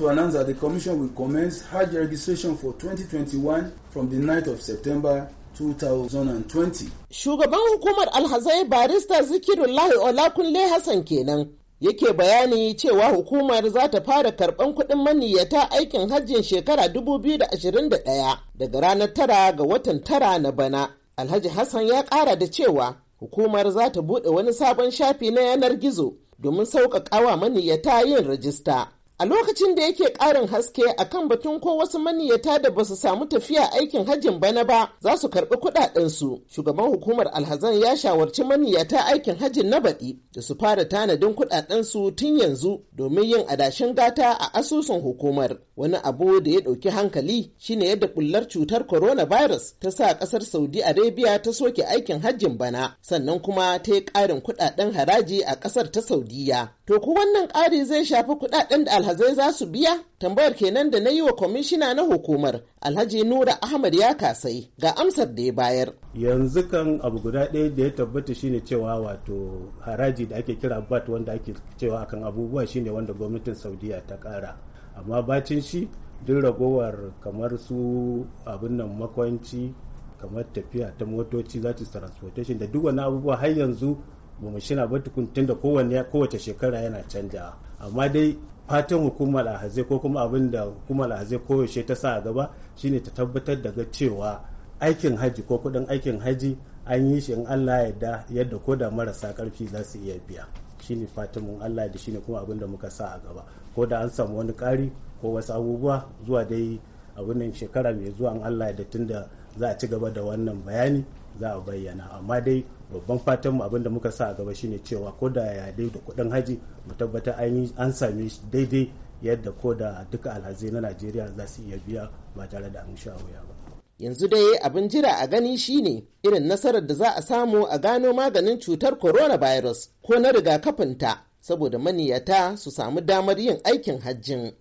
to announce that the Commission will commence Hajj registration for 2021 from the 9th of September 2020. Shugaban hukumar alhazai barista zikirullahi Olakunle Hassan kenan yake bayani cewa hukumar za ta fara karɓan kuɗin maniyyata aikin hajjin shekara 2021 daga ranar tara ga watan tara na bana. Alhaji Hassan ya ƙara da cewa hukumar za ta buɗe wani sabon shafi na yanar gizo domin sauƙaƙawa maniyyata yin rajista. a lokacin da yake ƙarin haske a kan batun ko wasu maniyata da ba su samu tafiya aikin hajjin bana ba za su karɓi kuɗaɗensu shugaban hukumar alhazan ya shawarci maniyyata aikin hajjin na baɗi da su fara tanadin kuɗaɗensu tun yanzu domin yin adashin gata a asusun hukumar wani abu da ya ɗauki hankali shine yadda ɓullar cutar coronavirus ta sa ƙasar saudi arabia ta soke aikin hajjin bana sannan kuma ta yi ƙarin kuɗaɗen haraji a ƙasar ta saudiya to ku wannan ƙari zai shafi kuɗaɗen da hazai za su biya tambayar kenan da na yi wa kwamishina na hukumar alhaji nura ahmad ya kasai ga amsar da ya bayar yanzu kan abu guda ɗaya da ya tabbata shine cewa wato haraji da ake kira bat wanda ake cewa akan abubuwa shine wanda gwamnatin saudiya ta kara amma bacin shi duk ragowar kamar su abin nan makwanci kamar tafiya ta motoci za transportation da duk wani abubuwa har yanzu ba mu shina ba tukun tunda kowace shekara yana canjawa amma dai fatan hukumar alhazai ko kuma abin da hukumar alhazai koyaushe ta sa a gaba shine ta tabbatar da cewa aikin haji ko kudin aikin haji an yi shi in allah yadda yadda ko da marasa karfi za su iya biya shine fatan mun allah da shine kuma abin da muka sa a gaba ko da an samu wani kari ko wasu abubuwa zuwa dai abunan shekara mai zuwa allah da tunda za a ci gaba da wannan bayani za a bayyana amma dai babban fatan mu da muka sa a gaba shine cewa ko da ya dai da kudin haji mu tabbata an same shi daidai yadda ko da duka alhazi na najeriya za su iya biya ba tare da an sha wuya ba yanzu dai abin jira a gani shine irin nasarar da za a samu a gano maganin cutar coronavirus ko na rigakafinta saboda maniyata su samu damar yin aikin hajjin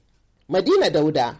madina dauda